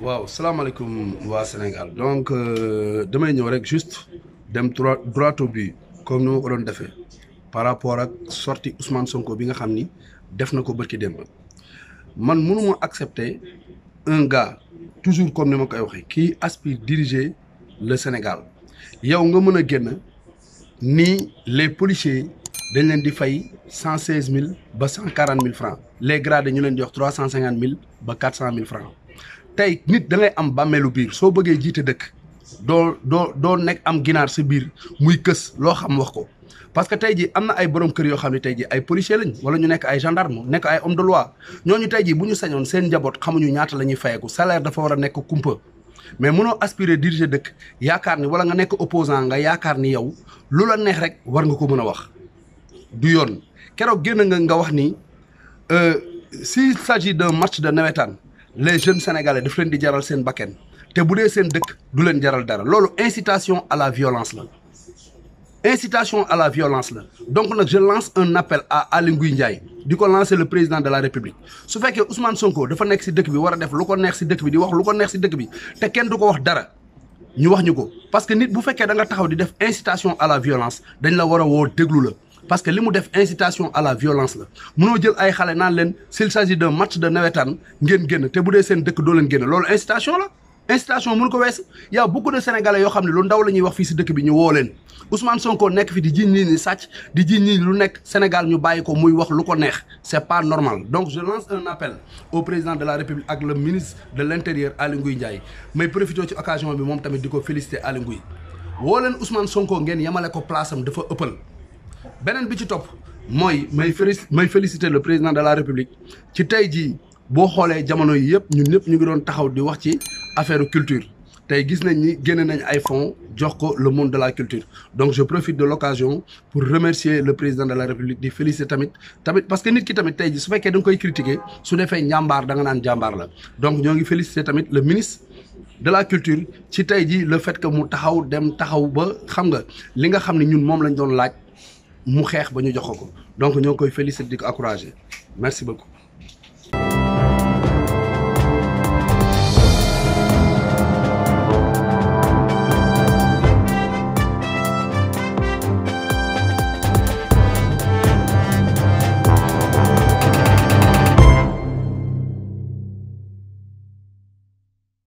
waaw salaamaaleykum waa Sénégal donc euh, damay ñëw rek juste dem troit au bi comme ni ma ko doon defee par rapport ak sorti Ousmane Sonko bi nga xam ni def na ko bërki démb man mënuma accepter un gars toujours comme ni ma koy waxee qui aspir dirigé le Sénégal yow nga mën a génn nii les policiers dañ leen di fay cent seize mille ba cent quarante mille francs les grades ñu leen di jox trois cent cinquante mille ba quatre cent mille francs tey nit da ngay am bàmmeelu biir soo bëggee jiite dëkk doo doo doo nekk am ginaar sa biir muy kës loo xam wax ko parce que tey jii am na ay borom kër yoo xam ne tey jii ay policier lañ wala ñu nekk ay gendarme nekk ay om de loi ñooñu tey jii bu ñu sañoon seen njaboot xamuñu ñaata la ñuy fayeeku salaire dafa war a nekk kumpa mais mënoo aspirer diriger dëkk yaakaar ni wala nga nekk oposan nga yaakaar ni yow lu la neex rek war nga ko mën a wax du yoon keroog génn nga nga wax ni euh, s'il s'agit d'un match de nawetaan les jeunes sénégalais daf leen di jaral seen bakken te bu dee seen dëkk du leen jaral dara loolu incitation à la violence la incitation à la violence la donc nag je lance un appel di ko lancer le président de la république su fekkee Ousmane Sonko dafa nekk si dëkk bi war def lu ko neex si dëkk bi di wax lu ko neex si dëkk bi te kenn du ko wax dara ñu wax ñu ko parce que nit bu fekkee da nga taxaw di def incitation à la violence dañ la war woo déglu la parce que li mu def incitation à la violence la munoo jël ay xale naan leen s'il s'agit d'un match de nawetaan ngeen génn te bu dee seen dëkk doo leen génn loolu incitation la incitation mun ko weesu y a beaucoup de sénégalais yoo xam ne lu ndaw lañuy wax fii si dëkk bi ñu woo leen Ousmane Sonko nekk fi di jiñ nii ni sàcc di jiñ nii lu nekk Sénégal ñu bàyyi ko muy wax lu ko neex c'est pas normal donc je lance appel au président de la République ak le ministre de l'intérieur Aly Ngouille Ndiaye may profité ci occasion bi moom tamit di ko féliciter Aly Ngouille leen Ousmane Sonko ngeen yemale ko place am dafa ëppal beneen bi ci topp mooy may may féliciter le président de la république ci tey jii boo xoolee jamono yi yëpp ñun ñëpp ñu ngi doon taxaw di wax ci affaire culture tey gis nañ ni génne nañ ay fonds jox ko le monde de la culture donc je profite de l'occasion pour remercier le président de la république di féliciter tamit tamit parce que nit ki tamit tey ji su fekkee da koy critiquer su defee njàmbaar danga naan jàmbaar la donc ñoo ngi féliciter tamit le ministre de la culture ci tey ji le fait que mu taxaw dem taxaw ba xam nga li nga xam ne ñun moom lañ doon laaj mu xeex ba ñu jox ko donc ñoo ngi koy féliciter di ko encourager merci beaucoup.